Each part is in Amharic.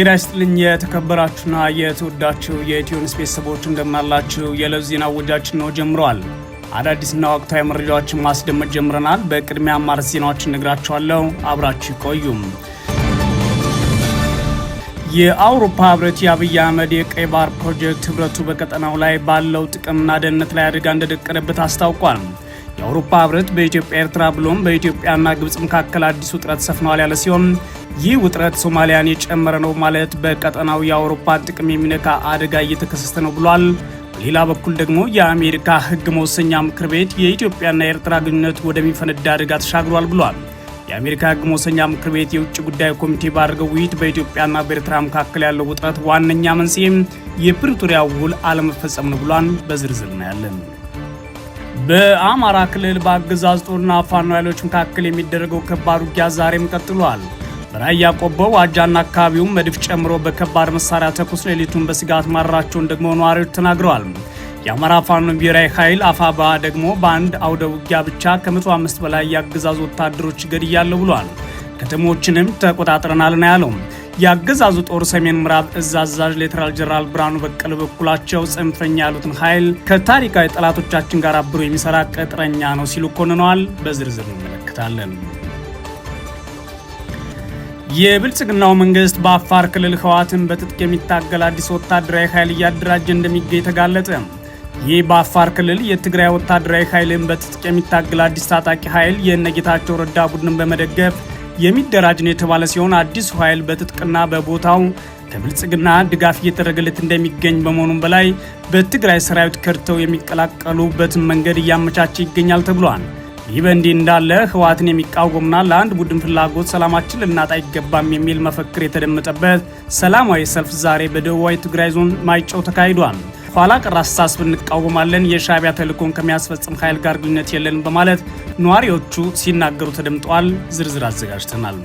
ጤና ይስጥልኝ የተከበራችሁና የተወዳችሁ የኢትዮንስ ቤተሰቦች እንደምናላችሁ። የዕለቱ ዜና ወጃችን ነው ጀምረዋል። አዳዲስና ወቅታዊ መረጃዎችን ማስደመጥ ጀምረናል። በቅድሚያ አማርስ ዜናዎችን ነግራችኋለሁ። አብራችሁ ይቆዩም። የአውሮፓ ህብረት የአብይ አህመድ የቀይ ባህር ፕሮጀክት ህብረቱ በቀጠናው ላይ ባለው ጥቅምና ደህንነት ላይ አደጋ እንደደቀነበት አስታውቋል። የአውሮፓ ህብረት በኢትዮጵያ ኤርትራ ብሎም በኢትዮጵያና ግብጽ መካከል አዲስ ውጥረት ሰፍነዋል ያለ ሲሆን ይህ ውጥረት ሶማሊያን የጨመረ ነው ማለት በቀጠናው የአውሮፓን ጥቅም የሚነካ አደጋ እየተከሰተ ነው ብሏል። በሌላ በኩል ደግሞ የአሜሪካ ህግ መወሰኛ ምክር ቤት የኢትዮጵያና የኤርትራ ግንኙነት ወደሚፈነዳ አደጋ ተሻግሯል ብሏል። የአሜሪካ ህግ መወሰኛ ምክር ቤት የውጭ ጉዳይ ኮሚቴ ባደረገው ውይይት በኢትዮጵያና በኤርትራ መካከል ያለው ውጥረት ዋነኛ መንስኤም የፕሪቶሪያ ውል አለመፈጸም ነው ብሏል። በዝርዝር እናያለን። በአማራ ክልል በአገዛዝ ጦርና ፋኖ ኃይሎች መካከል የሚደረገው ከባድ ውጊያ ዛሬም ቀጥሏል። በራያ ቆቦ ዋጃና አካባቢውም መድፍ ጨምሮ በከባድ መሳሪያ ተኩስ ሌሊቱን በስጋት ማራቸውን ደግሞ ነዋሪዎች ተናግረዋል። የአማራ ፋኖ ብሔራዊ ኃይል አፋባ ደግሞ በአንድ አውደ ውጊያ ብቻ ከ105 በላይ የአገዛዝ ወታደሮች ገድያለሁ ብሏል። ከተሞችንም ተቆጣጥረናል ነው ያለው። የአገዛዙ ጦር ሰሜን ምዕራብ እዝ አዛዥ ሌተናል ጀነራል ብርሃኑ በቀለ በኩላቸው ጽንፈኛ ያሉትን ኃይል ከታሪካዊ ጠላቶቻችን ጋር አብሮ የሚሰራ ቅጥረኛ ነው ሲሉ ኮንነዋል። በዝርዝር እንመለከታለን። የብልጽግናው መንግስት በአፋር ክልል ህወሓትን በትጥቅ የሚታገል አዲስ ወታደራዊ ኃይል እያደራጀ እንደሚገኝ ተጋለጠ። ይህ በአፋር ክልል የትግራይ ወታደራዊ ኃይልን በትጥቅ የሚታገል አዲስ ታጣቂ ኃይል የነጌታቸው ረዳ ቡድንን በመደገፍ የሚደራጅ ነው የተባለ ሲሆን አዲሱ ኃይል በትጥቅና በቦታው ከብልጽግና ድጋፍ እየተደረገለት እንደሚገኝ በመሆኑም በላይ በትግራይ ሰራዊት ከድተው የሚቀላቀሉበትን መንገድ እያመቻቸ ይገኛል ተብሏል። ይህ በእንዲህ እንዳለ ህወሓትን የሚቃወሙና ለአንድ ቡድን ፍላጎት ሰላማችን ልናጣ አይገባም የሚል መፈክር የተደመጠበት ሰላማዊ ሰልፍ ዛሬ በደቡባዊ ትግራይ ዞን ማይጨው ተካሂዷል። ኋላ ቀር አስተሳሰብን እንቃወማለን፣ የሻቢያ ተልዕኮን ከሚያስፈጽም ኃይል ጋር ግንኙነት የለንም በማለት ነዋሪዎቹ ሲናገሩ ተደምጠዋል። ዝርዝር አዘጋጅተናል።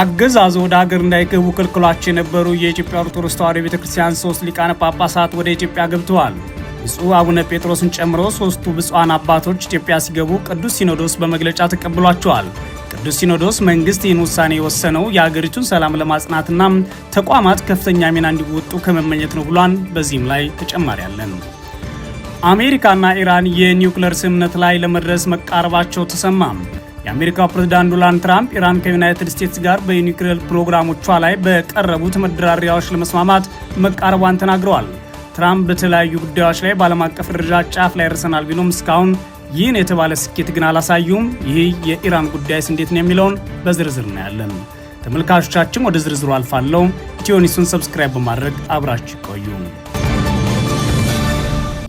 አገዛዙ ወደ ሀገር እንዳይገቡ ክልክሏቸው የነበሩ የኢትዮጵያ ኦርቶዶክስ ተዋሕዶ ቤተክርስቲያን ሶስት ሊቃነ ጳጳሳት ወደ ኢትዮጵያ ገብተዋል። ብፁዕ አቡነ ጴጥሮስን ጨምሮ ሶስቱ ብፁዓን አባቶች ኢትዮጵያ ሲገቡ ቅዱስ ሲኖዶስ በመግለጫ ተቀብሏቸዋል። ቅዱስ ሲኖዶስ መንግስት ይህን ውሳኔ የወሰነው የሀገሪቱን ሰላም ለማጽናትና ተቋማት ከፍተኛ ሚና እንዲወጡ ከመመኘት ነው ብሏን። በዚህም ላይ ተጨማሪ አለን። አሜሪካና ኢራን የኒውክሌር ስምምነት ላይ ለመድረስ መቃረባቸው ተሰማ። የአሜሪካው ፕሬዝዳንት ዶናልድ ትራምፕ ኢራን ከዩናይትድ ስቴትስ ጋር በኒውክሌር ፕሮግራሞቿ ላይ በቀረቡት መደራደሪያዎች ለመስማማት መቃረቧን ተናግረዋል። ትራምፕ በተለያዩ ጉዳዮች ላይ በዓለም አቀፍ ደረጃ ጫፍ ላይ ደርሰናል ቢሉም እስካሁን ይህን የተባለ ስኬት ግን አላሳዩም። ይህ የኢራን ጉዳይስ እንዴት ነው የሚለውን በዝርዝር እናያለን። ተመልካቾቻችን ወደ ዝርዝሩ አልፋለሁ። ኢትዮኒሱን ሰብስክራይብ በማድረግ አብራችሁ ቆዩ።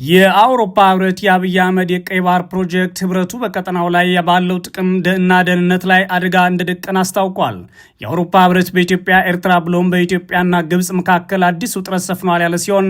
የአውሮፓ ህብረት የአብይ አህመድ የቀይ ባህር ፕሮጀክት ህብረቱ በቀጠናው ላይ ባለው ጥቅም እና ደህንነት ላይ አደጋ እንደደቀን አስታውቋል። የአውሮፓ ህብረት በኢትዮጵያ ኤርትራ፣ ብሎም በኢትዮጵያና ግብፅ መካከል አዲስ ውጥረት ሰፍኗል ያለ ሲሆን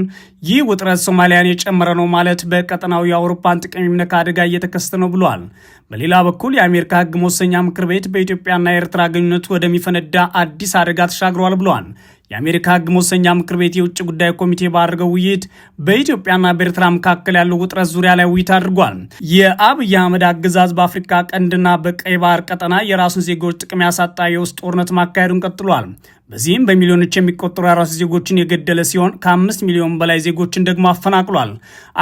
ይህ ውጥረት ሶማሊያን የጨመረ ነው ማለት በቀጠናው የአውሮፓን ጥቅም የሚነካ አደጋ እየተከሰተ ነው ብሏል። በሌላ በኩል የአሜሪካ ህግ መወሰኛ ምክር ቤት በኢትዮጵያና ኤርትራ ግንኙነት ወደሚፈነዳ አዲስ አደጋ ተሻግሯል ብሏል። የአሜሪካ ህግ መወሰኛ ምክር ቤት የውጭ ጉዳይ ኮሚቴ ባደረገው ውይይት በኢትዮጵያና በኤርትራ መካከል ያለው ውጥረት ዙሪያ ላይ ውይይት አድርጓል። የአብይ አህመድ አገዛዝ በአፍሪካ ቀንድና በቀይ ባህር ቀጠና የራሱን ዜጎች ጥቅም ያሳጣ የውስጥ ጦርነት ማካሄዱን ቀጥሏል። በዚህም በሚሊዮኖች የሚቆጠሩ የራሱ ዜጎችን የገደለ ሲሆን ከአምስት ሚሊዮን በላይ ዜጎችን ደግሞ አፈናቅሏል።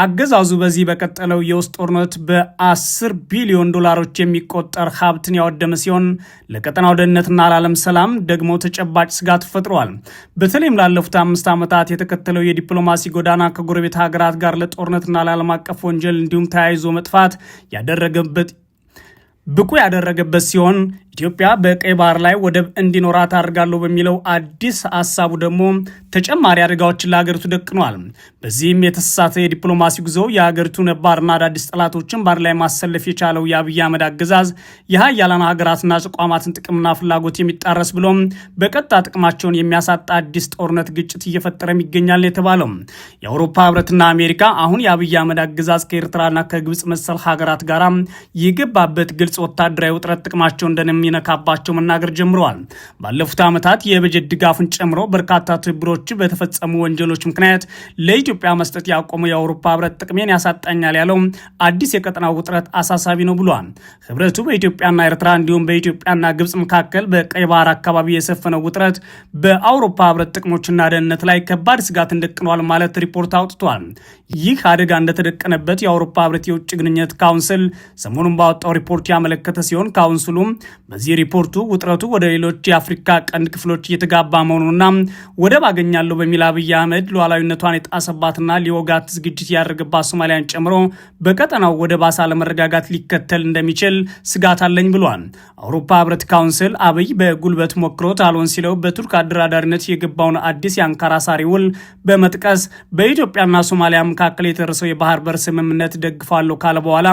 አገዛዙ በዚህ በቀጠለው የውስጥ ጦርነት በአስር ቢሊዮን ዶላሮች የሚቆጠር ሀብትን ያወደመ ሲሆን ለቀጠናው ደህንነትና ለዓለም ሰላም ደግሞ ተጨባጭ ስጋት ፈጥሯል። በተለይም ላለፉት አምስት ዓመታት የተከተለው የዲፕሎማሲ ጎዳና ከጎረቤት ሀገራት ጋር ለጦርነትና ለዓለም አቀፍ ወንጀል እንዲሁም ተያይዞ መጥፋት ያደረገበት ብቁ ያደረገበት ሲሆን ኢትዮጵያ በቀይ ባህር ላይ ወደብ እንዲኖራት አድርጋለሁ በሚለው አዲስ ሀሳቡ ደግሞ ተጨማሪ አደጋዎችን ለሀገሪቱ ደቅኗል። በዚህም የተሳሳተ የዲፕሎማሲ ጉዞ የሀገሪቱ ነባርና አዳዲስ ጠላቶችን ባህር ላይ ማሰለፍ የቻለው የአብይ አህመድ አገዛዝ የሀያላን ሀገራትና ተቋማትን ጥቅምና ፍላጎት የሚጣረስ ብሎም በቀጥታ ጥቅማቸውን የሚያሳጣ አዲስ ጦርነት ግጭት እየፈጠረም ይገኛል የተባለው የአውሮፓ ህብረትና አሜሪካ አሁን የአብይ አህመድ አገዛዝ ከኤርትራና ከግብፅ መሰል ሀገራት ጋር የገባበት ግልጽ ወታደራዊ ውጥረት ጥቅማቸው እንደነሚ እንደሚነካባቸው መናገር ጀምረዋል። ባለፉት ዓመታት የበጀት ድጋፍን ጨምሮ በርካታ ትብብሮች በተፈጸሙ ወንጀሎች ምክንያት ለኢትዮጵያ መስጠት ያቆመ የአውሮፓ ህብረት ጥቅሜን ያሳጣኛል ያለው አዲስ የቀጠናው ውጥረት አሳሳቢ ነው ብሏል። ህብረቱ በኢትዮጵያና ኤርትራ እንዲሁም በኢትዮጵያና ግብጽ መካከል በቀይ ባህር አካባቢ የሰፈነው ውጥረት በአውሮፓ ህብረት ጥቅሞችና ደህንነት ላይ ከባድ ስጋት እንደቅኗል ማለት ሪፖርት አውጥቷል። ይህ አደጋ እንደተደቀነበት የአውሮፓ ህብረት የውጭ ግንኙነት ካውንስል ሰሞኑን ባወጣው ሪፖርት ያመለከተ ሲሆን ካውንስሉም በዚህ ሪፖርቱ ውጥረቱ ወደ ሌሎች የአፍሪካ ቀንድ ክፍሎች እየተጋባ መሆኑና ወደብ አገኛለሁ በሚል አብይ አህመድ ሉዓላዊነቷን የጣሰባትና ሊወጋት ዝግጅት ያደረገባት ሶማሊያን ጨምሮ በቀጠናው ወደ ባሰ ለመረጋጋት ሊከተል እንደሚችል ስጋት አለኝ ብሏል። አውሮፓ ህብረት ካውንስል አብይ በጉልበት ሞክሮት አልሆን ሲለው በቱርክ አደራዳሪነት የገባውን አዲስ የአንካራ ሳሪ ውል በመጥቀስ በኢትዮጵያና ሶማሊያ መካከል የተደረሰው የባህር በር ስምምነት ደግፋለሁ ካለ በኋላ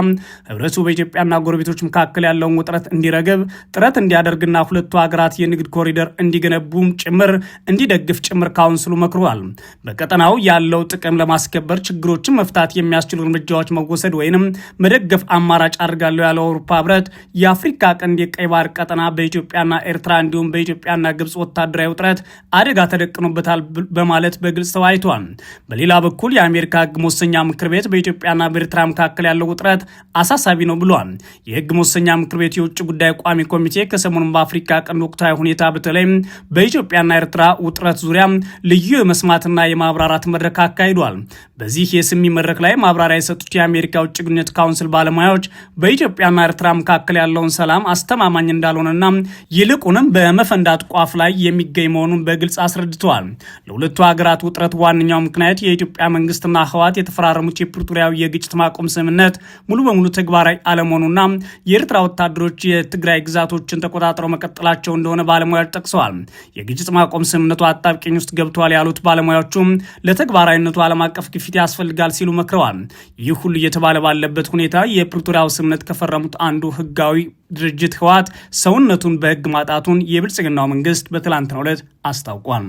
ህብረቱ በኢትዮጵያና ጎረቤቶች መካከል ያለውን ውጥረት እንዲረግብ ጥረት እንዲያደርግና ሁለቱ ሀገራት የንግድ ኮሪደር እንዲገነቡም ጭምር እንዲደግፍ ጭምር ካውንስሉ መክሯል። በቀጠናው ያለው ጥቅም ለማስከበር ችግሮችን መፍታት የሚያስችሉ እርምጃዎች መወሰድ ወይንም መደገፍ አማራጭ አድርጋለሁ ያለው አውሮፓ ህብረት የአፍሪካ ቀንድ የቀይ ባህር ቀጠና በኢትዮጵያና ኤርትራ እንዲሁም በኢትዮጵያና ግብጽ ወታደራዊ ውጥረት አደጋ ተደቅኖበታል በማለት በግልጽ ተወያይቷል። በሌላ በኩል የአሜሪካ ህግ መወሰኛ ምክር ቤት በኢትዮጵያና በኤርትራ መካከል ያለው ውጥረት አሳሳቢ ነው ብሏል። የህግ መወሰኛ ምክር ቤት የውጭ ጉዳይ ቋሚ ኮሚቴ ከሰሞኑን በአፍሪካ ቀንድ ወቅታዊ ሁኔታ በተለይ በኢትዮጵያና ኤርትራ ውጥረት ዙሪያ ልዩ የመስማትና የማብራራት መድረክ አካሂዷል። በዚህ የስሚ መድረክ ላይ ማብራሪያ የሰጡት የአሜሪካ ውጭ ግንኙነት ካውንስል ባለሙያዎች በኢትዮጵያና ኤርትራ መካከል ያለውን ሰላም አስተማማኝ እንዳልሆነና ይልቁንም በመፈንዳት ቋፍ ላይ የሚገኝ መሆኑን በግልጽ አስረድተዋል። ለሁለቱ ሀገራት ውጥረት ዋነኛው ምክንያት የኢትዮጵያ መንግስትና ህወሓት የተፈራረሙት የፕሪቶሪያው የግጭት ማቆም ስምምነት ሙሉ በሙሉ ተግባራዊ አለመሆኑና የኤርትራ ወታደሮች የትግራይ ግዛቶችን ተቆጣጥረው መቀጠላቸው እንደሆነ ባለሙያዎች ጠቅሰዋል። የግጭት ማቆም ስምምነቱ አጣብቂኝ ውስጥ ገብተዋል ያሉት ባለሙያዎቹም ለተግባራዊነቱ ዓለም አቀፍ ግፊት ያስፈልጋል ሲሉ መክረዋል። ይህ ሁሉ እየተባለ ባለበት ሁኔታ የፕሪቶሪያው ስምምነት ከፈረሙት አንዱ ህጋዊ ድርጅት ህወሓት ሰውነቱን በህግ ማጣቱን የብልጽግናው መንግስት በትላንትናው ዕለት አስታውቋል።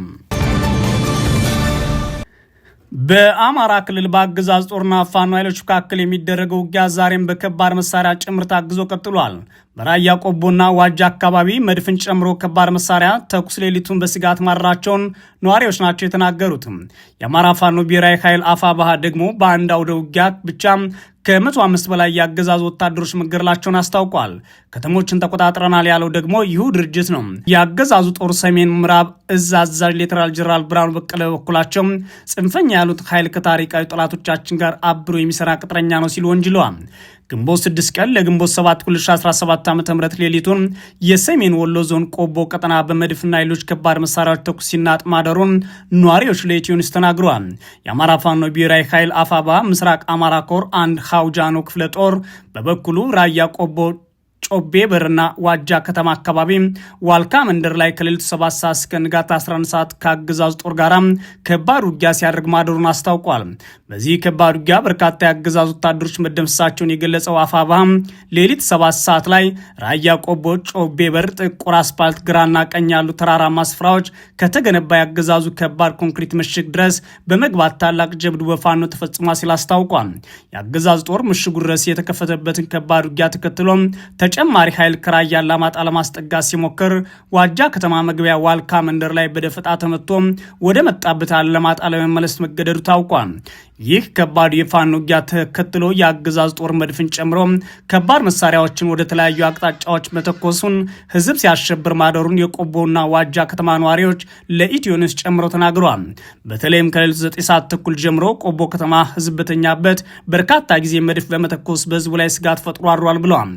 በአማራ ክልል በአገዛዝ ጦርና ፋኖ ኃይሎች መካከል የሚደረገው ውጊያ ዛሬም በከባድ መሳሪያ ጭምር ታግዞ ቀጥሏል። በራያ ቆቦና ዋጃ አካባቢ መድፍን ጨምሮ ከባድ መሳሪያ ተኩስ ሌሊቱን በስጋት ማድራቸውን ነዋሪዎች ናቸው የተናገሩትም። የአማራ ፋኖ ብሔራዊ ኃይል አፋ ባህ ደግሞ በአንድ አውደ ውጊያ ብቻ ከመቶ አምስት በላይ የአገዛዙ ወታደሮች መገደላቸውን አስታውቋል። ከተሞችን ተቆጣጥረናል ያለው ደግሞ ይሁ ድርጅት ነው። የአገዛዙ ጦር ሰሜን ምዕራብ እዝ አዛዥ ሌተናል ጀነራል ብርሃኑ በቀለ በበኩላቸው ጽንፈኛ ያሉት ኃይል ከታሪካዊ ጠላቶቻችን ጋር አብሮ የሚሰራ ቅጥረኛ ነው ሲሉ ወንጅለዋል። ግንቦት 6 ቀን ለግንቦት 7 2017 ዓ ም ሌሊቱን የሰሜን ወሎ ዞን ቆቦ ቀጠና በመድፍና ሌሎች ከባድ መሳሪያዎች ተኩስ ሲናጥ ማደሩን ነዋሪዎች ለኢትዮኒስ ተናግረዋል። የአማራ ፋኖ ብሔራዊ ኃይል አፋባ ምስራቅ አማራ ኮር አንድ ሀውጃኖ ክፍለ ጦር በበኩሉ ራያ ቆቦ ጮቤ ብርና ዋጃ ከተማ አካባቢ ዋልካ መንደር ላይ ከሌሊቱ ሰባት ሰዓት እስከ ንጋት 11 ሰዓት ከአገዛዙ ጦር ጋራ ከባድ ውጊያ ሲያደርግ ማደሩን አስታውቋል። በዚህ ከባድ ውጊያ በርካታ የአገዛዙ ወታደሮች መደምሰሳቸውን የገለጸው አፋባ ሌሊት ሰባት ሰዓት ላይ ራያ ቆቦ፣ ጮቤ በር፣ ጥቁር አስፓልት ግራና ቀኝ ያሉ ተራራማ ስፍራዎች ከተገነባ የአገዛዙ ከባድ ኮንክሪት ምሽግ ድረስ በመግባት ታላቅ ጀብዱ በፋኖ ተፈጽሟ ሲል አስታውቋል። የአገዛዙ ጦር ምሽጉ ድረስ የተከፈተበትን ከባድ ውጊያ ተከትሎም ተጨማሪ ኃይል ከራያ አላማጣ ለማስጠጋት ሲሞክር ዋጃ ከተማ መግቢያ ዋልካ መንደር ላይ በደፈጣ ተመቶ ወደ መጣበት አላማጣ ለመመለስ መገደዱ ታውቋል። ይህ ከባድ የፋኖ ውጊያ ተከትሎ የአገዛዝ ጦር መድፍን ጨምሮ ከባድ መሳሪያዎችን ወደ ተለያዩ አቅጣጫዎች መተኮሱን ህዝብ ሲያሸብር ማደሩን የቆቦና ዋጃ ከተማ ነዋሪዎች ለኢትዮ ኒውስ ጨምሮ ተናግረዋል። በተለይም ከሌሊቱ ዘጠኝ ሰዓት ተኩል ጀምሮ ቆቦ ከተማ ህዝብ በተኛበት በርካታ ጊዜ መድፍ በመተኮስ በህዝቡ ላይ ስጋት ፈጥሮ አድሯል ብለዋል።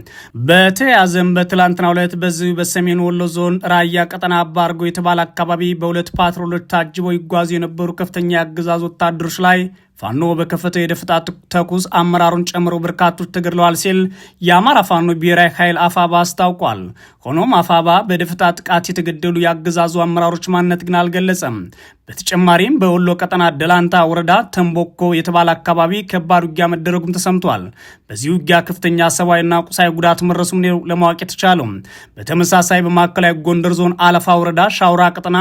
በተያያዘም በትላንትና ሁለት በዚሁ በሰሜን ወሎ ዞን ራያ ቀጠና አባርጎ የተባለ አካባቢ በሁለት ፓትሮሎች ታጅበው ይጓዙ የነበሩ ከፍተኛ የአገዛዝ ወታደሮች ላይ ፋኖ በከፈተው የደፈጣ ተኩስ አመራሩን ጨምሮ በርካቶች ተገድለዋል ሲል የአማራ ፋኖ ብሔራዊ ኃይል አፋባ አስታውቋል። ሆኖም አፋባ በደፈጣ ጥቃት የተገደሉ የአገዛዙ አመራሮች ማንነት ግን አልገለጸም። በተጨማሪም በወሎ ቀጠና ደላንታ ወረዳ ተንቦኮ የተባለ አካባቢ ከባድ ውጊያ መደረጉም ተሰምቷል። በዚህ ውጊያ ከፍተኛ ሰብአዊና ቁሳዊ ጉዳት መረሱም ለማወቅ የተቻለው። በተመሳሳይ በማዕከላዊ ጎንደር ዞን አለፋ ወረዳ ሻውራ ቀጠና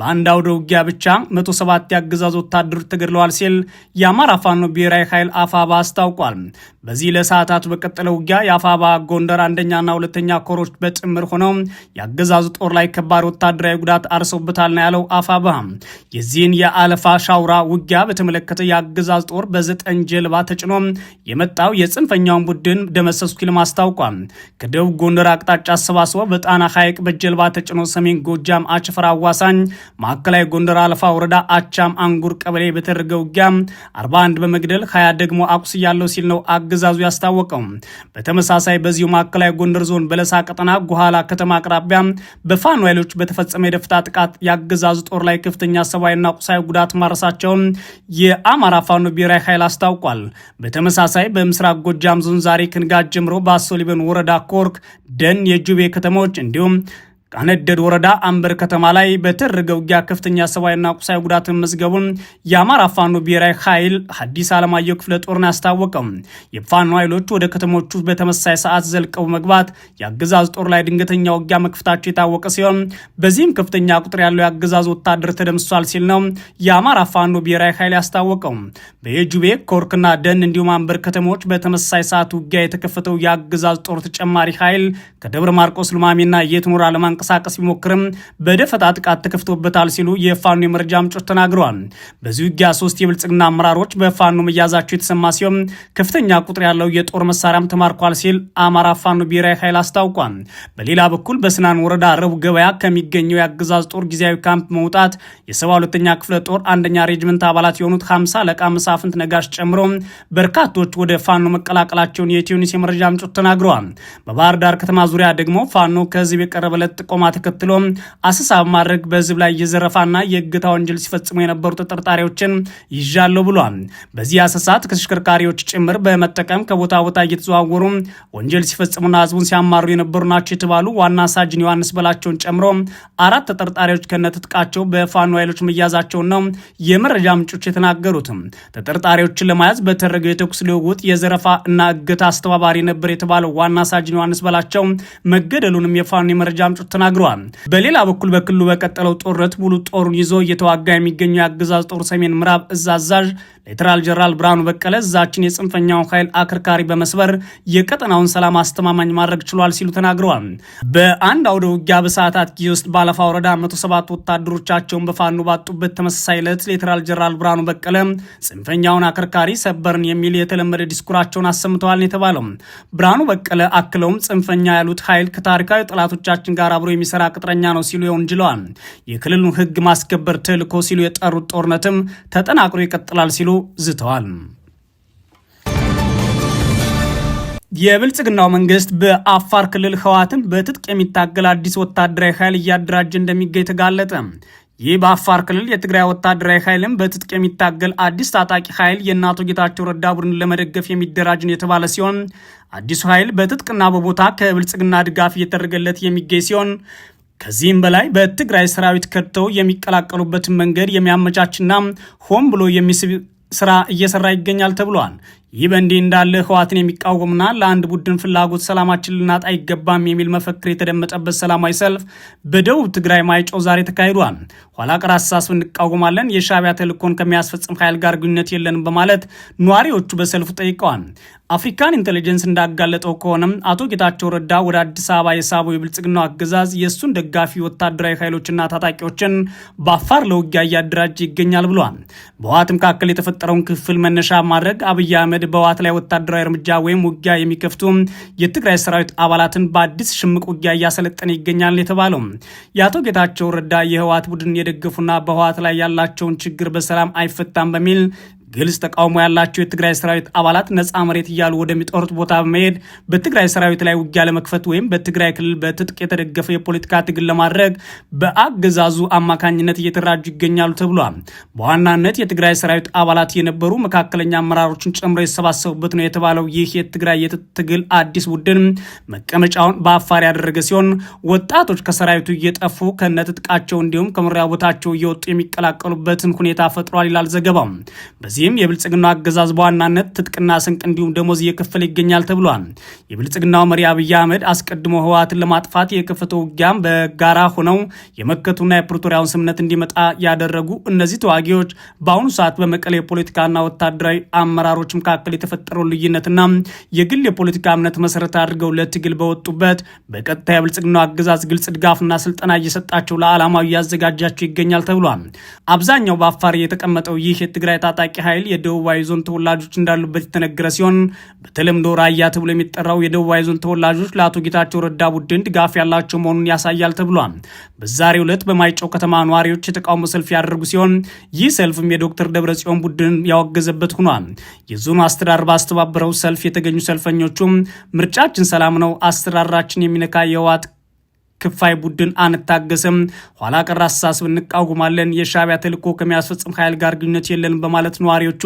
በአንድ አውደ ውጊያ ብቻ 107 የአገዛዝ ወታደሮች ተገድለዋል ሲል የአማራ ፋኖ ብሔራዊ ኃይል አፋባ አስታውቋል። በዚህ ለሰዓታት በቀጠለ ውጊያ የአፋባ ጎንደር አንደኛና ሁለተኛ ኮሮች በጥምር ሆነው የአገዛዙ ጦር ላይ ከባድ ወታደራዊ ጉዳት አርሰውበታል ነው ያለው አፋባ የዚህን የአለፋ ሻውራ ውጊያ በተመለከተ የአገዛዝ ጦር በዘጠኝ ጀልባ ተጭኖ የመጣው የጽንፈኛውን ቡድን ደመሰስኩ ይልም አስታውቋል። ከደቡብ ጎንደር አቅጣጫ አሰባስቦ በጣና ሐይቅ በጀልባ ተጭኖ ሰሜን ጎጃም አጭፈር አዋሳኝ፣ ማዕከላዊ ጎንደር አለፋ ወረዳ አቻም አንጉር ቀበሌ በተደረገ ውጊያ 41 በመግደል 20 ደግሞ አቁስ ያለው ሲል ነው አገዛዙ ያስታወቀው። በተመሳሳይ በዚሁ ማዕከላዊ ጎንደር ዞን በለሳ ቀጠና ጉኋላ ከተማ አቅራቢያ በፋኖ ኃይሎች በተፈጸመ የደፍታ ጥቃት የአገዛዙ ጦር ላይ ከፍተኛ ሰባ ሰብአዊና ቁሳዊ ጉዳት ማድረሳቸውን የአማራ ፋኖ ብሔራዊ ኃይል አስታውቋል። በተመሳሳይ በምስራቅ ጎጃም ዞን ዛሬ ክንጋት ጀምሮ በአሶሊበን ወረዳ ኮርክ፣ ደን፣ የጁቤ ከተሞች እንዲሁም ካነደድ ወረዳ አንበር ከተማ ላይ በተደረገ ውጊያ ከፍተኛ ሰብአዊና ቁሳዊ ጉዳት መመዝገቡን የአማራ ፋኖ ብሔራዊ ኃይል ሐዲስ ዓለማየሁ ክፍለ ጦርን አስታወቀም። የፋኖ ኃይሎች ወደ ከተሞቹ በተመሳሳይ ሰዓት ዘልቀው መግባት የአገዛዝ ጦር ላይ ድንገተኛ ውጊያ መክፈታቸው የታወቀ ሲሆን በዚህም ከፍተኛ ቁጥር ያለው የአገዛዝ ወታደር ተደምሷል ሲል ነው የአማራ ፋኖ ብሔራዊ ኃይል ያስታወቀው። በየጁቤ ኮርክና ደን እንዲሁም አንበር ከተሞች በተመሳሳይ ሰዓት ውጊያ የተከፈተው የአገዛዝ ጦር ተጨማሪ ኃይል ከደብረ ማርቆስ ልማሚና የትኖር አለማንቀ ለመንቀሳቀስ ቢሞክርም በደፈጣ ጥቃት ተከፍቶበታል ሲሉ የፋኖ የመረጃ ምንጮች ተናግረዋል። በዚህ ውጊያ ሶስት የብልጽግና አመራሮች በፋኖ መያዛቸው የተሰማ ሲሆን ከፍተኛ ቁጥር ያለው የጦር መሳሪያም ተማርኳል ሲል አማራ ፋኖ ብሔራዊ ኃይል አስታውቋል። በሌላ በኩል በስናን ወረዳ ረቡዕ ገበያ ከሚገኘው የአገዛዝ ጦር ጊዜያዊ ካምፕ መውጣት የሰባ ሁለተኛ ክፍለ ጦር አንደኛ ሬጅመንት አባላት የሆኑት ሀምሳ አለቃ መሳፍንት ነጋሽ ጨምሮ በርካቶች ወደ ፋኖ መቀላቀላቸውን የኢትዮኒስ የመረጃ ምንጮች ተናግረዋል። በባህር ዳር ከተማ ዙሪያ ደግሞ ፋኖ ከህዝብ የቀረበለት ጥቆማ ተከትሎ አሰሳ በማድረግ በህዝብ ላይ የዘረፋና የእገታ ወንጀል ሲፈጽሙ የነበሩ ተጠርጣሪዎችን ይዣለሁ ብሏል። በዚህ አሰሳ ከተሽከርካሪዎች ጭምር በመጠቀም ከቦታ ቦታ እየተዘዋወሩ ወንጀል ሲፈጽሙና ህዝቡን ሲያማሩ የነበሩ ናቸው የተባሉ ዋና ሳጅን ዮሐንስ በላቸውን ጨምሮ አራት ተጠርጣሪዎች ከነትጥቃቸው በፋኖ ኃይሎች መያዛቸውን ነው የመረጃ ምንጮች የተናገሩት። ተጠርጣሪዎችን ለመያዝ በተደረገው የተኩስ ልውውጥ የዘረፋ እና እገታ አስተባባሪ ነበር የተባለው ዋና ሳጅን ዮሐንስ በላቸው መገደሉንም የፋኖ የመረጃ ምንጮች ተናግረዋል። በሌላ በኩል በክልሉ በቀጠለው ጦርነት ሙሉ ጦሩን ይዞ እየተዋጋ የሚገኘው የአገዛዝ ጦር ሰሜን ምዕራብ እዝ አዛዥ ሌተናል ጀነራል ብርሃኑ በቀለ እዛችን የጽንፈኛውን ኃይል አከርካሪ በመስበር የቀጠናውን ሰላም አስተማማኝ ማድረግ ችሏል ሲሉ ተናግረዋል። በአንድ አውደ ውጊያ በሰዓታት ጊዜ ውስጥ ባለፋ ወረዳ 107 ወታደሮቻቸውን በፋኖ ባጡበት ተመሳሳይ ዕለት ሌተናል ጀነራል ብርሃኑ በቀለ ጽንፈኛውን አከርካሪ ሰበርን የሚል የተለመደ ዲስኩራቸውን አሰምተዋል የተባለው ብርሃኑ በቀለ አክለውም ጽንፈኛ ያሉት ኃይል ከታሪካዊ ጠላቶቻችን ጋር አብሮ የሚሰራ ቅጥረኛ ነው ሲሉ ይወንጅለዋል። የክልሉን ህግ ማስከበር ትልኮ ሲሉ የጠሩት ጦርነትም ተጠናክሮ ይቀጥላል ሲሉ ዝተዋል። የብልጽግናው መንግስት በአፋር ክልል ህወሓትን በትጥቅ የሚታገል አዲስ ወታደራዊ ኃይል እያደራጀ እንደሚገኝ ተጋለጠ። ይህ በአፋር ክልል የትግራይ ወታደራዊ ኃይልም በትጥቅ የሚታገል አዲስ ታጣቂ ኃይል የእናቶ ጌታቸው ረዳ ቡድን ለመደገፍ የሚደራጅን የተባለ ሲሆን አዲሱ ኃይል በትጥቅና በቦታ ከብልጽግና ድጋፍ እየተደረገለት የሚገኝ ሲሆን ከዚህም በላይ በትግራይ ሰራዊት ከድተው የሚቀላቀሉበትን መንገድ የሚያመቻችና ሆን ብሎ የሚስብ ስራ እየሰራ ይገኛል ተብሏል። ይህ በእንዲህ እንዳለ ህዋትን የሚቃወምና ለአንድ ቡድን ፍላጎት ሰላማችን ልናጣ አይገባም የሚል መፈክር የተደመጠበት ሰላማዊ ሰልፍ በደቡብ ትግራይ ማይጮ ዛሬ ተካሂዷል። ኋላ ቀር አስተሳሰብ እንቃወማለን፣ የሻዕቢያ ተልእኮን ከሚያስፈጽም ኃይል ጋር ግንኙነት የለንም በማለት ነዋሪዎቹ በሰልፉ ጠይቀዋል። አፍሪካን ኢንቴሊጀንስ እንዳጋለጠው ከሆነም አቶ ጌታቸው ረዳ ወደ አዲስ አበባ የሳበው የብልጽግናው አገዛዝ የእሱን ደጋፊ ወታደራዊ ኃይሎችና ታጣቂዎችን በአፋር ለውጊያ እያደራጀ ይገኛል ብሏል። በህወሓት መካከል የተፈጠረውን ክፍል መነሻ ማድረግ አብይ አህመድ በህወሓት ላይ ወታደራዊ እርምጃ ወይም ውጊያ የሚከፍቱ የትግራይ ሰራዊት አባላትን በአዲስ ሽምቅ ውጊያ እያሰለጠነ ይገኛል የተባለው የአቶ ጌታቸው ረዳ የህወሓት ቡድን የደገፉና በህወሓት ላይ ያላቸውን ችግር በሰላም አይፈታም በሚል ግልጽ ተቃውሞ ያላቸው የትግራይ ሰራዊት አባላት ነፃ መሬት እያሉ ወደሚጠሩት ቦታ በመሄድ በትግራይ ሰራዊት ላይ ውጊያ ለመክፈት ወይም በትግራይ ክልል በትጥቅ የተደገፈ የፖለቲካ ትግል ለማድረግ በአገዛዙ አማካኝነት እየተራጁ ይገኛሉ ተብሏል። በዋናነት የትግራይ ሰራዊት አባላት የነበሩ መካከለኛ አመራሮችን ጨምሮ የተሰባሰቡበት ነው የተባለው ይህ የትግራይ የትግል አዲስ ቡድን መቀመጫውን በአፋር ያደረገ ሲሆን ወጣቶች ከሰራዊቱ እየጠፉ ከነትጥቃቸው እንዲሁም ከመኖሪያ ቦታቸው እየወጡ የሚቀላቀሉበትን ሁኔታ ፈጥሯል ይላል ዘገባው። በዚህ ለዚህም የብልጽግናው አገዛዝ በዋናነት ትጥቅና ስንቅ እንዲሁም ደሞዝ እየከፈለ ይገኛል ተብሏል። የብልጽግናው መሪ አብይ አህመድ አስቀድሞ ህወሓትን ለማጥፋት የከፈተው ውጊያም በጋራ ሆነው የመከቱና የፕሪቶሪያውን ስምነት እንዲመጣ ያደረጉ እነዚህ ተዋጊዎች በአሁኑ ሰዓት በመቀሌ የፖለቲካና ወታደራዊ አመራሮች መካከል የተፈጠረው ልዩነትና የግል የፖለቲካ እምነት መሰረት አድርገው ለትግል በወጡበት በቀጥታ የብልጽግናው አገዛዝ ግልጽ ድጋፍና ስልጠና እየሰጣቸው ለዓላማው እያዘጋጃቸው ይገኛል ተብሏል። አብዛኛው በአፋር የተቀመጠው ይህ የትግራይ ታጣቂ ኃይል የደቡባዊ ዞን ተወላጆች እንዳሉበት የተነገረ ሲሆን በተለምዶ ራያ ተብሎ የሚጠራው የደቡባዊ ዞን ተወላጆች ለአቶ ጌታቸው ረዳ ቡድን ድጋፍ ያላቸው መሆኑን ያሳያል ተብሏል። በዛሬው ዕለት በማይጨው ከተማ ነዋሪዎች የተቃውሞ ሰልፍ ያደርጉ ሲሆን ይህ ሰልፍም የዶክተር ደብረጽዮን ቡድን ያወገዘበት ሆኗል። የዞኑ አስተዳደር ባስተባበረው ሰልፍ የተገኙ ሰልፈኞቹም ምርጫችን ሰላም ነው፣ አሰራራችን የሚነካ የህወሓት ክፋይ ቡድን አንታገስም፣ ኋላ ቀር አስተሳሰብ እንቃወማለን፣ የሻቢያ ተልዕኮ ከሚያስፈጽም ኃይል ጋር ግንኙነት የለንም በማለት ነዋሪዎቹ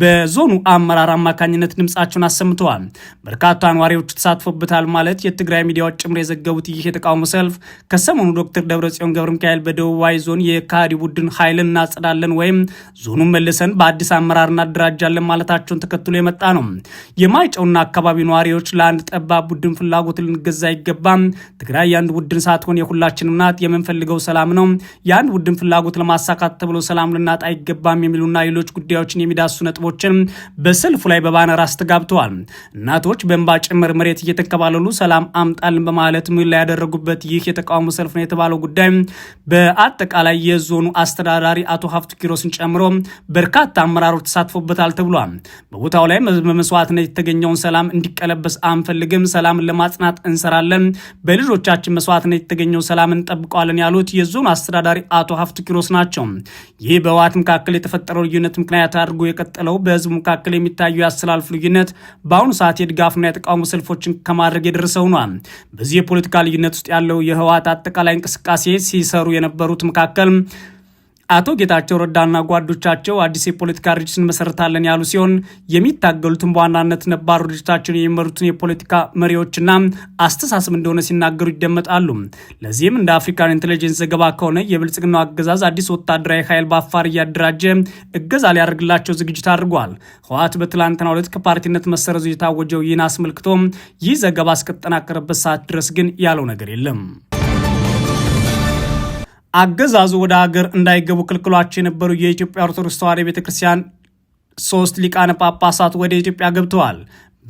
በዞኑ አመራር አማካኝነት ድምፃቸውን አሰምተዋል። በርካታ ነዋሪዎቹ ተሳትፎበታል ማለት የትግራይ ሚዲያዎች ጭምር የዘገቡት ይህ የተቃውሞ ሰልፍ ከሰሞኑ ዶክተር ደብረጽዮን ገብረ ሚካኤል በደቡባዊ ዞን የካዲ ቡድን ኃይልን እናጸዳለን ወይም ዞኑን መልሰን በአዲስ አመራር እናደራጃለን ማለታቸውን ተከትሎ የመጣ ነው። የማይጨውና አካባቢ ነዋሪዎች ለአንድ ጠባብ ቡድን ፍላጎት ልንገዛ አይገባም፣ ትግራይ የአንድ ቡድን ሳትሆን የሁላችንም ናት። የምንፈልገው ሰላም ነው። የአንድ ቡድን ፍላጎት ለማሳካት ተብሎ ሰላም ልናጣ አይገባም የሚሉና ሌሎች ጉዳዮችን የሚዳሱ ነጥቦችን በሰልፉ ላይ በባነር አስተጋብተዋል። እናቶች በእንባ ጭምር መሬት እየተከባለሉ ሰላም አምጣልን በማለት ምላ ያደረጉበት ይህ የተቃውሞ ሰልፍ ነው የተባለው ጉዳይ በአጠቃላይ የዞኑ አስተዳዳሪ አቶ ሀፍቱ ኪሮስን ጨምሮ በርካታ አመራሮች ተሳትፎበታል ተብሏል። በቦታው ላይ በመስዋዕትነት የተገኘውን ሰላም እንዲቀለበስ አንፈልግም፣ ሰላምን ለማጽናት እንሰራለን፣ በልጆቻችን መስዋዕትነት የተገኘው ሰላም እንጠብቀዋለን ያሉት የዞኑ አስተዳዳሪ አቶ ሀፍቱ ኪሮስ ናቸው። ይህ በህወሓት መካከል የተፈጠረው ልዩነት ምክንያት አድርጎ የቀጠለው በህዝቡ መካከል የሚታየው የአስተላልፍ ልዩነት በአሁኑ ሰዓት የድጋፍና የተቃውሞ ሰልፎችን ከማድረግ የደረሰው ሆኗል። በዚህ የፖለቲካ ልዩነት ውስጥ ያለው የህወሓት አጠቃላይ እንቅስቃሴ ሲሰሩ የነበሩት መካከል አቶ ጌታቸው ረዳና ጓዶቻቸው አዲስ የፖለቲካ ድርጅት እንመሰረታለን ያሉ ሲሆን የሚታገሉትን በዋናነት ነባሩ ድርጅታቸውን የሚመሩትን የፖለቲካ መሪዎችና አስተሳሰብ እንደሆነ ሲናገሩ ይደመጣሉ። ለዚህም እንደ አፍሪካን ኢንቴሊጀንስ ዘገባ ከሆነ የብልጽግናው አገዛዝ አዲስ ወታደራዊ ኃይል በአፋር እያደራጀ እገዛ ሊያደርግላቸው ዝግጅት አድርጓል። ህወሓት በትላንትናው ዕለት ከፓርቲነት መሰረዙ የታወጀው ይህን አስመልክቶ ይህ ዘገባ እስከተጠናከረበት ሰዓት ድረስ ግን ያለው ነገር የለም። አገዛዙ ወደ ሀገር እንዳይገቡ ክልክሏቸው የነበሩ የኢትዮጵያ ኦርቶዶክስ ተዋሕዶ ቤተክርስቲያን ሶስት ሊቃነ ጳጳሳት ወደ ኢትዮጵያ ገብተዋል።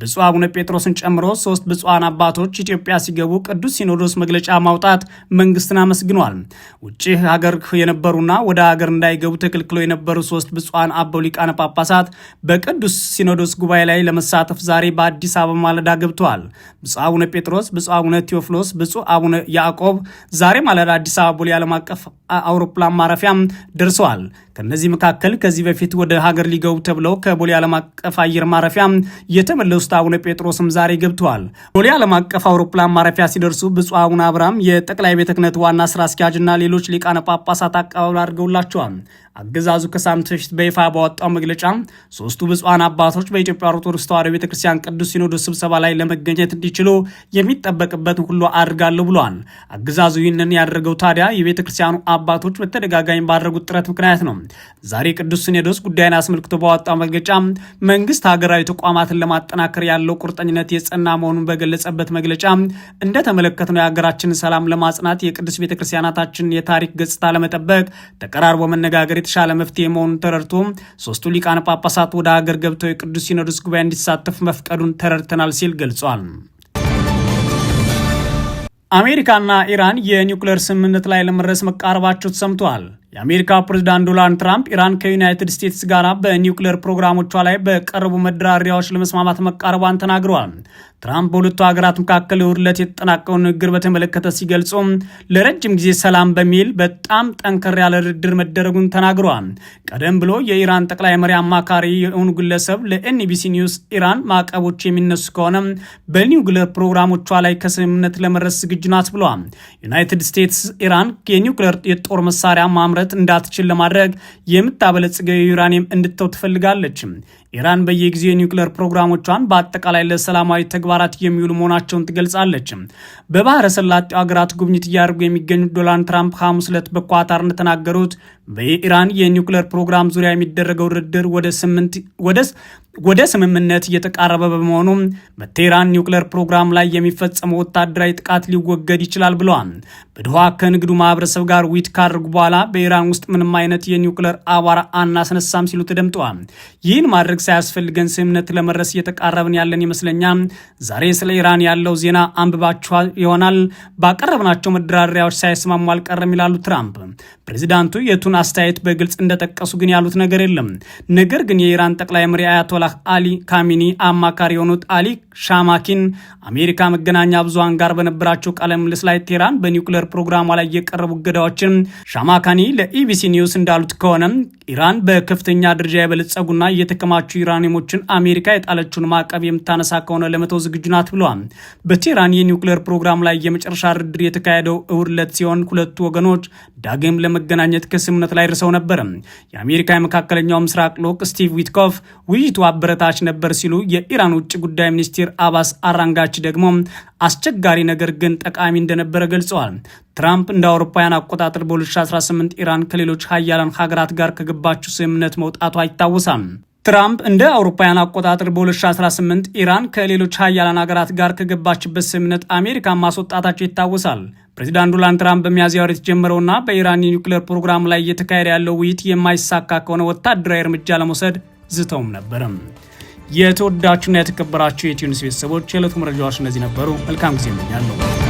ብፁዕ አቡነ ጴጥሮስን ጨምሮ ሶስት ብፁዓን አባቶች ኢትዮጵያ ሲገቡ ቅዱስ ሲኖዶስ መግለጫ ማውጣት መንግስትን አመስግኗል። ውጭ ሀገር የነበሩና ወደ ሀገር እንዳይገቡ ተከልክለው የነበሩ ሶስት ብፁዓን አበው ሊቃነ ጳጳሳት በቅዱስ ሲኖዶስ ጉባኤ ላይ ለመሳተፍ ዛሬ በአዲስ አበባ ማለዳ ገብተዋል። ብፁዕ አቡነ ጴጥሮስ፣ ብፁዕ አቡነ ቴዎፍሎስ፣ ብፁዕ አቡነ ያዕቆብ ዛሬ ማለዳ አዲስ አበባ ቦሌ ዓለም አቀፍ አውሮፕላን ማረፊያም ደርሰዋል። ከእነዚህ መካከል ከዚህ በፊት ወደ ሀገር ሊገቡ ተብለው ከቦሌ ዓለም አቀፍ አየር ማረፊያ የተመለሱ ውስጥ አቡነ ጴጥሮስም ዛሬ ገብተዋል። ቦሌ ዓለም አቀፍ አውሮፕላን ማረፊያ ሲደርሱ ብፁዕ አቡነ አብርሃም የጠቅላይ ቤተ ክህነት ዋና ስራ አስኪያጅና ሌሎች ሊቃነ ጳጳሳት አቀባበል አድርገውላቸዋል። አገዛዙ ከሳምንት በፊት በይፋ ባወጣው መግለጫ ሶስቱ ብፁዓን አባቶች በኢትዮጵያ ኦርቶዶክስ ተዋሕዶ ቤተክርስቲያን ቅዱስ ሲኖዶስ ስብሰባ ላይ ለመገኘት እንዲችሉ የሚጠበቅበት ሁሉ አድርጋለሁ ብሏል። አገዛዙ ይህንን ያደረገው ታዲያ የቤተክርስቲያኑ አባቶች በተደጋጋሚ ባደረጉት ጥረት ምክንያት ነው። ዛሬ ቅዱስ ሲኖዶስ ጉዳይን አስመልክቶ ባወጣው መግለጫ መንግስት ሀገራዊ ተቋማትን ለማጠናከር ለማጠናከር ያለው ቁርጠኝነት የጸና መሆኑን በገለጸበት መግለጫ እንደተመለከትነው የሀገራችንን ሰላም ለማጽናት የቅዱስ ቤተክርስቲያናታችን የታሪክ ገጽታ ለመጠበቅ ተቀራርቦ መነጋገር የተሻለ መፍትሄ መሆኑን ተረድቶ ሶስቱ ሊቃነ ጳጳሳት ወደ ሀገር ገብተው የቅዱስ ሲኖዶስ ጉባኤ እንዲሳተፍ መፍቀዱን ተረድተናል ሲል ገልጿል። አሜሪካና ኢራን የኒውክሌር ስምምነት ላይ ለመድረስ መቃረባቸው ተሰምተዋል። የአሜሪካ ፕሬዚዳንት ዶናልድ ትራምፕ ኢራን ከዩናይትድ ስቴትስ ጋር በኒውክሌር ፕሮግራሞቿ ላይ በቀረቡ መደራደሪያዎች ለመስማማት መቃረቧን ተናግረዋል። ትራምፕ በሁለቱ ሀገራት መካከል እሁድ ዕለት ንግግር በተመለከተ ሲገልጹ ለረጅም ጊዜ ሰላም በሚል በጣም ጠንከር ያለ ድርድር መደረጉን ተናግረዋል። ቀደም ብሎ የኢራን ጠቅላይ መሪ አማካሪ የሆኑ ግለሰብ ለኤንቢሲ ኒውስ ኢራን ማዕቀቦች የሚነሱ ከሆነ በኒውክሌር ፕሮግራሞቿ ላይ ከስምምነት ለመድረስ ዝግጁ ናት ብለዋል። ዩናይትድ ስቴትስ ኢራን የኒውክሌር የጦር መሳሪያ ማምረት ማምረት እንዳትችል ለማድረግ የምታበለጽገው የዩራኒየም እንድተው ትፈልጋለች። ኢራን በየጊዜው የኒውክሌር ፕሮግራሞቿን በአጠቃላይ ለሰላማዊ ተግባራት የሚውሉ መሆናቸውን ትገልጻለች። በባህረ ሰላጤው ሀገራት ጉብኝት እያደርጉ የሚገኙት ዶናልድ ትራምፕ ሐሙስ ዕለት በኳታር እንደተናገሩት በኢራን የኒውክሌር ፕሮግራም ዙሪያ የሚደረገው ድርድር ወደ ስምንት ወደ ስምምነት እየተቃረበ በመሆኑ በቴህራን ኒውክሌር ፕሮግራም ላይ የሚፈጸመው ወታደራዊ ጥቃት ሊወገድ ይችላል ብለዋል። በድኋ ከንግዱ ማህበረሰብ ጋር ዊት ካደረጉ በኋላ በኢራን ውስጥ ምንም አይነት የኒውክሌር አቧራ አናስነሳም ሲሉ ተደምጠዋል። ይህን ማድረግ ሳያስፈልገን ስምምነት ለመድረስ እየተቃረብን ያለን ይመስለኛ። ዛሬ ስለ ኢራን ያለው ዜና አንብባችኋ ይሆናል። ባቀረብናቸው መደራደሪያዎች ሳይስማሙ አልቀረም ይላሉ ትራምፕ። ፕሬዚዳንቱ የቱን አስተያየት በግልጽ እንደጠቀሱ ግን ያሉት ነገር የለም። ነገር ግን የኢራን ጠቅላይ መሪ አያቶላህ አሊ ካሚኒ አማካሪ የሆኑት አሊ ሻማኪን አሜሪካ መገናኛ ብዙሃን ጋር በነበራቸው ቃለ ምልልስ ላይ ቴህራን በኒውክሌር ፕሮግራሟ ላይ የቀረቡ እገዳዎችን ሻማካኒ ለኢቢሲ ኒውስ እንዳሉት ከሆነ ኢራን በከፍተኛ ደረጃ የበለጸጉና እየተከማ የሚጠቀማቸው ዩራኒየሞችን አሜሪካ የጣለችውን ማዕቀብ የምታነሳ ከሆነ ለመተው ዝግጁ ናት ብለዋል። በቴህራን የኒውክሌር ፕሮግራም ላይ የመጨረሻ ድርድር የተካሄደው እሁድ ዕለት ሲሆን ሁለቱ ወገኖች ዳግም ለመገናኘት ከስምምነት ላይ ደርሰው ነበር። የአሜሪካ የመካከለኛው ምስራቅ ልዑክ ስቲቭ ዊትኮፍ ውይይቱ አበረታች ነበር ሲሉ፣ የኢራን ውጭ ጉዳይ ሚኒስትር አባስ አራንጋች ደግሞ አስቸጋሪ ነገር ግን ጠቃሚ እንደነበረ ገልጸዋል። ትራምፕ እንደ አውሮፓውያን አቆጣጠር በ2018 ኢራን ከሌሎች ሀያላን ሀገራት ጋር ከገባችው ስምምነት መውጣቷ ይታወሳል። ትራምፕ እንደ አውሮፓውያን አቆጣጠር በ2018 ኢራን ከሌሎች ሀያላን ሀገራት ጋር ከገባችበት ስምምነት አሜሪካን ማስወጣታቸው ይታወሳል። ፕሬዚዳንት ዶናልድ ትራምፕ በሚያዝያ ወር የተጀመረውና በኢራን የኒውክሌር ፕሮግራም ላይ እየተካሄደ ያለው ውይይት የማይሳካ ከሆነ ወታደራዊ እርምጃ ለመውሰድ ዝተውም ነበረም። የተወዳችሁና የተከበራችሁ የኢትዮ ኒውስ ቤተሰቦች የዕለቱ መረጃዎች እነዚህ ነበሩ። መልካም ጊዜ እመኛለሁ።